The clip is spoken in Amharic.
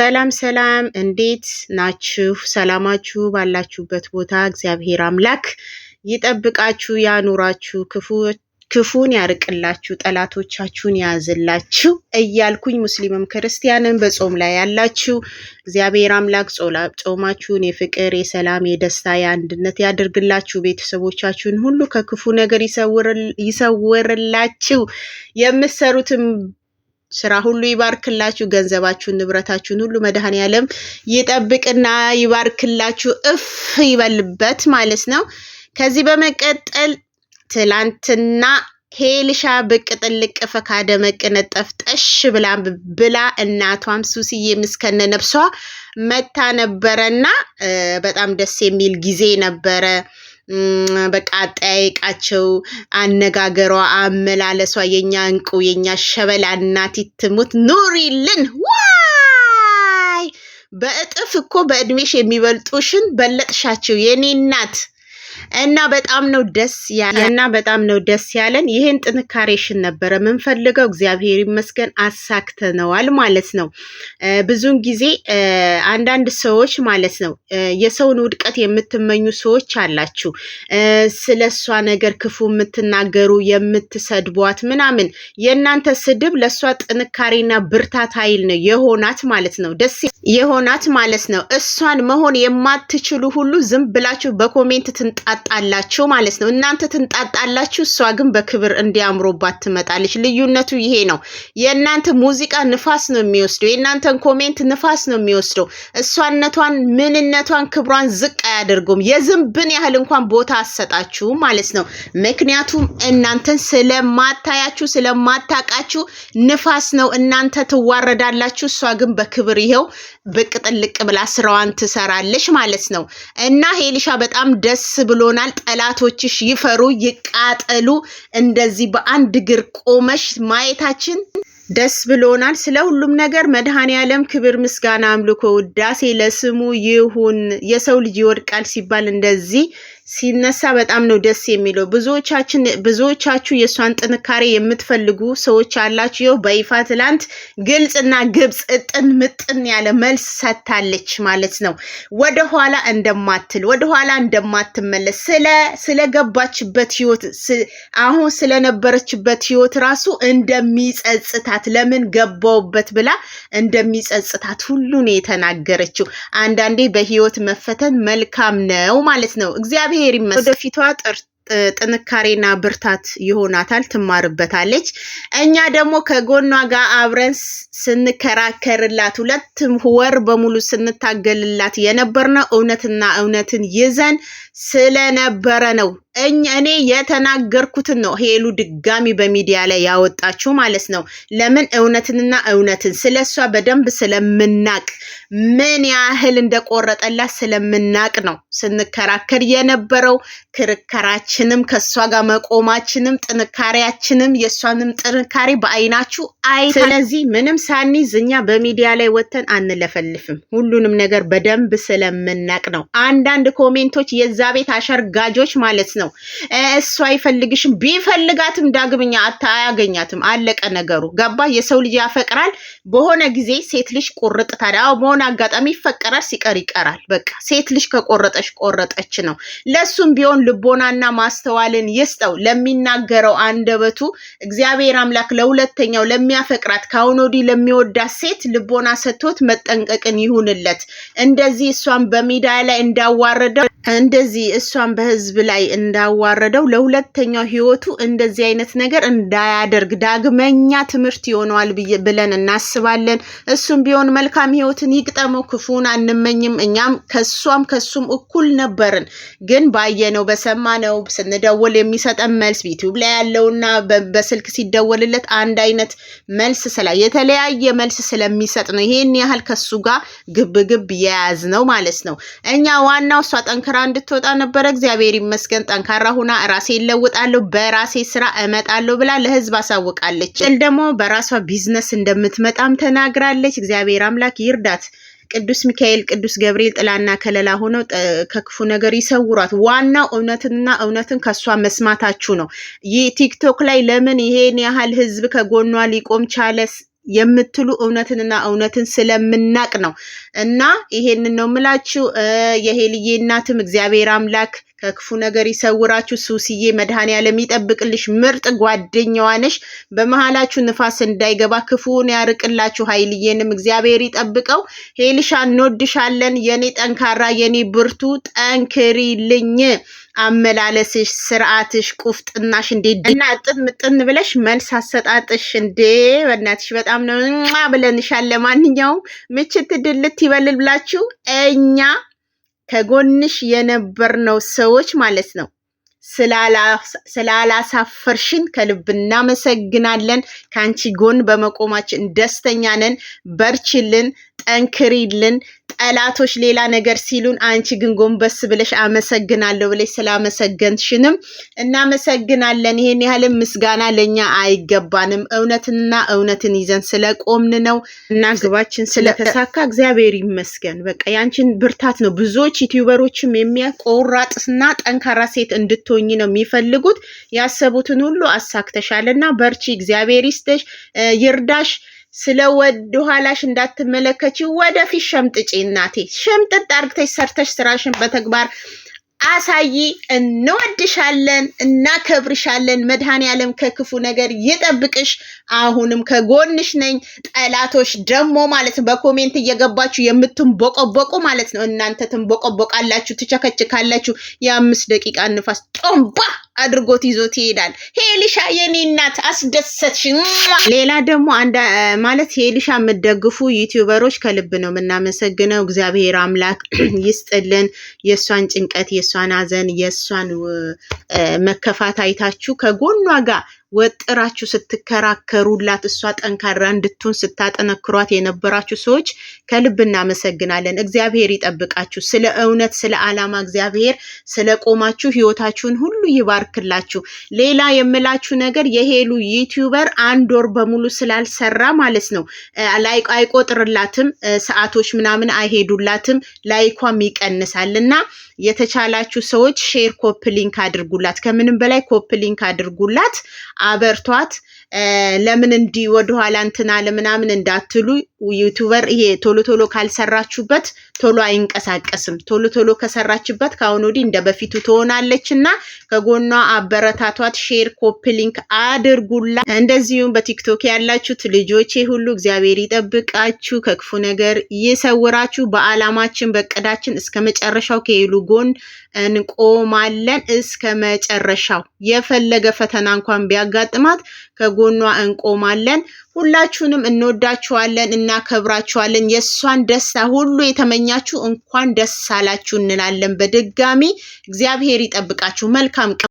ሰላም ሰላም፣ እንዴት ናችሁ? ሰላማችሁ ባላችሁበት ቦታ እግዚአብሔር አምላክ ይጠብቃችሁ፣ ያኑራችሁ፣ ክፉን ያርቅላችሁ፣ ጠላቶቻችሁን ያዝላችሁ እያልኩኝ ሙስሊምም ክርስቲያንም በጾም ላይ ያላችሁ እግዚአብሔር አምላክ ጾማችሁን የፍቅር የሰላም የደስታ የአንድነት ያደርግላችሁ፣ ቤተሰቦቻችሁን ሁሉ ከክፉ ነገር ይሰውርላችሁ፣ የምትሰሩትን ስራ ሁሉ ይባርክላችሁ። ገንዘባችሁን፣ ንብረታችሁን ሁሉ መድኃኔ ዓለም ይጠብቅና ይባርክላችሁ። እፍ ይበልበት ማለት ነው። ከዚህ በመቀጠል ትላንትና ሄልሻ ብቅ ጥልቅ ፈካ ደመቅ ነጠፍ ጠሽ ብላ ብላ እናቷም ሱስዬ ምስከነ ነብሷ መታ ነበረና በጣም ደስ የሚል ጊዜ ነበረ። በቃ አጠያየቃቸው፣ አነጋገሯ፣ አመላለሷ የኛ እንቁ የኛ ሸበላ እናት ትሙት ኑሪልን። ዋይ በእጥፍ እኮ በእድሜሽ የሚበልጡሽን በለጥሻቸው የኔ እናት። እና በጣም ነው ደስ ያለ እና በጣም ነው ደስ ያለን። ይህን ጥንካሬሽን ነበረ የምንፈልገው። እግዚአብሔር ይመስገን አሳክተነዋል ማለት ነው። ብዙን ጊዜ አንዳንድ ሰዎች ማለት ነው የሰውን ውድቀት የምትመኙ ሰዎች አላችሁ። ስለ እሷ ነገር ክፉ የምትናገሩ የምትሰድቧት ምናምን፣ የእናንተ ስድብ ለእሷ ጥንካሬና ብርታት ኃይል ነው የሆናት ማለት ነው። ደስ የሆናት ማለት ነው። እሷን መሆን የማትችሉ ሁሉ ዝም ብላችሁ በኮሜንት ትን ትንጣጣላችሁ ማለት ነው። እናንተ ትንጣጣላችሁ፣ እሷ ግን በክብር እንዲያምሮባት ትመጣለች። ልዩነቱ ይሄ ነው። የእናንተ ሙዚቃ ንፋስ ነው የሚወስደው፣ የእናንተን ኮሜንት ንፋስ ነው የሚወስደው። እሷነቷን፣ ምንነቷን፣ ክብሯን ዝቅ አያደርገውም። የዝንብን ያህል እንኳን ቦታ አሰጣችሁም ማለት ነው። ምክንያቱም እናንተን ስለማታያችሁ ስለማታቃችሁ ንፋስ ነው። እናንተ ትዋረዳላችሁ፣ እሷ ግን በክብር ይኸው ብቅ ጥልቅ ብላ ስራዋን ትሰራለች ማለት ነው። እና ሄሊሻ በጣም ደስ ብሎናል። ጠላቶችሽ ይፈሩ ይቃጠሉ። እንደዚህ በአንድ እግር ቆመሽ ማየታችን ደስ ብሎናል። ስለ ሁሉም ነገር መድኃኔ ዓለም ክብር፣ ምስጋና፣ አምልኮ፣ ውዳሴ ለስሙ ይሁን። የሰው ልጅ ይወድቃል ሲባል እንደዚህ ሲነሳ በጣም ነው ደስ የሚለው። ብዙዎቻችን ብዙዎቻችሁ የእሷን ጥንካሬ የምትፈልጉ ሰዎች አላችሁ። ይኸው በይፋ ትላንት ግልጽና ግብጽ እጥን ምጥን ያለ መልስ ሰጥታለች ማለት ነው። ወደኋላ እንደማትል ወደኋላ እንደማትመለስ ስለ ስለገባችበት ህይወት አሁን ስለነበረችበት ህይወት ራሱ እንደሚጸጽታት ለምን ገባውበት ብላ እንደሚጸጽታት ሁሉን የተናገረችው። አንዳንዴ በህይወት መፈተን መልካም ነው ማለት ነው እግዚአብሔር እግዚአብሔር ይመስገን። ወደፊቷ ጥንካሬና ብርታት ይሆናታል፣ ትማርበታለች። እኛ ደግሞ ከጎኗ ጋር አብረን ስንከራከርላት ሁለት ወር በሙሉ ስንታገልላት የነበርነው እውነትና እውነትን ይዘን ስለነበረ ነው። እኔ የተናገርኩትን ነው ሄሉ ድጋሚ በሚዲያ ላይ ያወጣችሁ ማለት ነው። ለምን እውነትንና እውነትን ስለ እሷ በደንብ ስለምናቅ ምን ያህል እንደቆረጠላት ስለምናቅ ነው ስንከራከር የነበረው። ክርከራችንም ከእሷ ጋር መቆማችንም ጥንካሬያችንም የእሷንም ጥንካሬ በአይናችሁ አይ ስለዚህ ምንም ሳኒዝ እኛ በሚዲያ ላይ ወጥተን አንለፈልፍም። ሁሉንም ነገር በደንብ ስለምናቅ ነው። አንዳንድ ኮሜንቶች የዛ ቤት አሸርጋጆች ማለት ነው። እሱ አይፈልግሽም፣ ቢፈልጋትም ዳግምኛ አያገኛትም። አለቀ ነገሩ። ገባ? የሰው ልጅ ያፈቅራል። በሆነ ጊዜ ሴት ልጅ ቆርጥ ታዲያ በሆነ አጋጣሚ ይፈቀራል፣ ሲቀር ይቀራል። በቃ ሴት ልጅ ከቆረጠች ቆረጠች ነው። ለሱም ቢሆን ልቦናና ማስተዋልን ይስጠው ለሚናገረው አንደበቱ እግዚአብሔር አምላክ ለሁለተኛው ለሚያፈቅራት ከአሁን ወዲህ ለሚወዳት ሴት ልቦና ሰጥቶት መጠንቀቅን ይሁንለት። እንደዚህ እሷን በሚዲያ ላይ እንዳዋረደው እንደዚህ እሷን በህዝብ ላይ እንዳዋረደው ለሁለተኛው ህይወቱ እንደዚህ አይነት ነገር እንዳያደርግ ዳግመኛ ትምህርት ይሆነዋል ብለን እናስባለን። እሱም ቢሆን መልካም ህይወትን ይግጠመው፣ ክፉን አንመኝም። እኛም ከሷም ከሱም እኩል ነበርን። ግን ባየነው በሰማነው ስንደውል የሚሰጠን መልስ ዩቲዩብ ላይ ያለውና በስልክ ሲደወልለት አንድ አይነት መልስ ስላ የተለያ የተለያየ መልስ ስለሚሰጥ ነው። ይሄን ያህል ከሱ ጋር ግብ ግብ የያዝ ነው ማለት ነው። እኛ ዋናው እሷ ጠንክራ እንድትወጣ ነበረ። እግዚአብሔር ይመስገን ጠንካራ ሁና ራሴ ይለውጣለሁ፣ በራሴ ስራ እመጣለሁ ብላ ለህዝብ አሳውቃለች። ጥል ደግሞ በራሷ ቢዝነስ እንደምትመጣም ተናግራለች። እግዚአብሔር አምላክ ይርዳት። ቅዱስ ሚካኤል፣ ቅዱስ ገብርኤል ጥላና ከለላ ሆነው ከክፉ ነገር ይሰውሯት። ዋናው እውነትንና እውነትን ከእሷ መስማታችሁ ነው። ይህ ቲክቶክ ላይ ለምን ይሄን ያህል ህዝብ ከጎኗ ሊቆም ቻለ የምትሉ እውነትንና እውነትን ስለምናቅ ነው። እና ይሄንን ነው ምላችሁ። የሄልዬ እናትም እግዚአብሔር አምላክ ከክፉ ነገር ይሰውራችሁ። ሱስዬ መድኃኔዓለም ይጠብቅልሽ። ምርጥ ጓደኛዋ ነሽ። በመሀላችሁ ንፋስ እንዳይገባ ክፉን ያርቅላችሁ። ሀይልዬንም እግዚአብሔር ይጠብቀው። ሄልሻ እንወድሻለን። የኔ ጠንካራ፣ የኔ ብርቱ፣ ጠንክሪልኝ አመላለስሽ፣ ስርዓትሽ፣ ቁፍጥናሽ እንዴ እና ጥን ምጥን ብለሽ መልስ አሰጣጥሽ እንዴ በእናትሽ በጣም ነው ብለንሻል። ለማንኛውም ምችት ድልት ይበልል ብላችሁ እኛ ከጎንሽ የነበርነው ሰዎች ማለት ነው። ስላላሳፈርሽን ከልብ እናመሰግናለን። ከአንቺ ጎን በመቆማችን ደስተኛ ነን። በርችልን፣ ጠንክሪልን። ጠላቶች ሌላ ነገር ሲሉን፣ አንቺ ግን ጎንበስ ብለሽ አመሰግናለሁ ብለሽ ስላመሰገንሽንም እናመሰግናለን። ይሄን ያህልም ምስጋና ለእኛ አይገባንም። እውነትንና እውነትን ይዘን ስለቆምን ነው እና ግባችን ስለተሳካ እግዚአብሔር ይመስገን። በቃ ያንቺን ብርታት ነው ብዙዎች ዩቲዩበሮችም የሚያቆራጥና ጠንካራ ሴት እንድትሆኝ ነው የሚፈልጉት። ያሰቡትን ሁሉ አሳክተሻልና በርቺ፣ እግዚአብሔር ይስጥሽ፣ ይርዳሽ። ስለ ወድ ኋላሽ እንዳትመለከች ወደፊት ሸምጥጪ እናቴ። ሸምጥጥ አርግተሽ ሰርተሽ ስራሽን በተግባር አሳይ። እንወድሻለን፣ እናከብርሻለን። መድኃኔ ዓለም ከክፉ ነገር ይጠብቅሽ። አሁንም ከጎንሽ ነኝ። ጠላቶች ደግሞ ማለት ነው በኮሜንት እየገባችሁ የምትንቦቆቦቁ ማለት ነው እናንተ ትቸከች ትቸከችካላችሁ። የአምስት ደቂቃ ንፋስ ጦምባ አድርጎት ይዞት ይሄዳል። ሄሊሻ የኔ እናት አስደሰች። ሌላ ደግሞ ማለት ሄሊሻ የምትደግፉ ዩቲዩበሮች ከልብ ነው የምናመሰግነው። እግዚአብሔር አምላክ ይስጥልን። የእሷን ጭንቀት፣ የእሷን ሀዘን የእሷን መከፋት አይታችሁ ከጎኗ ጋር ወጥራችሁ ስትከራከሩላት እሷ ጠንካራ እንድትሆን ስታጠነክሯት የነበራችሁ ሰዎች ከልብ እናመሰግናለን። እግዚአብሔር ይጠብቃችሁ። ስለ እውነት፣ ስለ ዓላማ እግዚአብሔር ስለ ቆማችሁ ህይወታችሁን ሁሉ ይባርክላችሁ። ሌላ የምላችሁ ነገር የሄሉ ዩቲዩበር አንድ ወር በሙሉ ስላልሰራ ማለት ነው አይቆጥርላትም፣ ሰዓቶች ምናምን አይሄዱላትም፣ ላይኳም ይቀንሳል እና የተቻላችሁ ሰዎች ሼር ኮፕ ሊንክ አድርጉላት። ከምንም በላይ ኮፕ ሊንክ አድርጉላት። አበርቷት። ለምን እንዲህ ወደኋላ እንትና ለምናምን እንዳትሉ ዩቱበር ይሄ ቶሎ ቶሎ ካልሰራችሁበት ቶሎ አይንቀሳቀስም። ቶሎ ቶሎ ከሰራችበት ከአሁን ወዲህ እንደ በፊቱ ትሆናለች እና ከጎኗ አበረታቷት። ሼር፣ ኮፕ ሊንክ አድርጉላ። እንደዚሁም በቲክቶክ ያላችሁት ልጆቼ ሁሉ እግዚአብሔር ይጠብቃችሁ፣ ከክፉ ነገር ይሰውራችሁ። በአላማችን በቅዳችን እስከ መጨረሻው ከሄሉ ጎን እንቆማለን። እስከ መጨረሻው የፈለገ ፈተና እንኳን ቢያጋጥማት ከጎኗ እንቆማለን። ሁላችሁንም እንወዳችኋለን፣ እናከብራችኋለን። የእሷን ደስታ ሁሉ የተመኘ ስላገኛችሁ እንኳን ደስ አላችሁ እንላለን። በድጋሚ እግዚአብሔር ይጠብቃችሁ። መልካም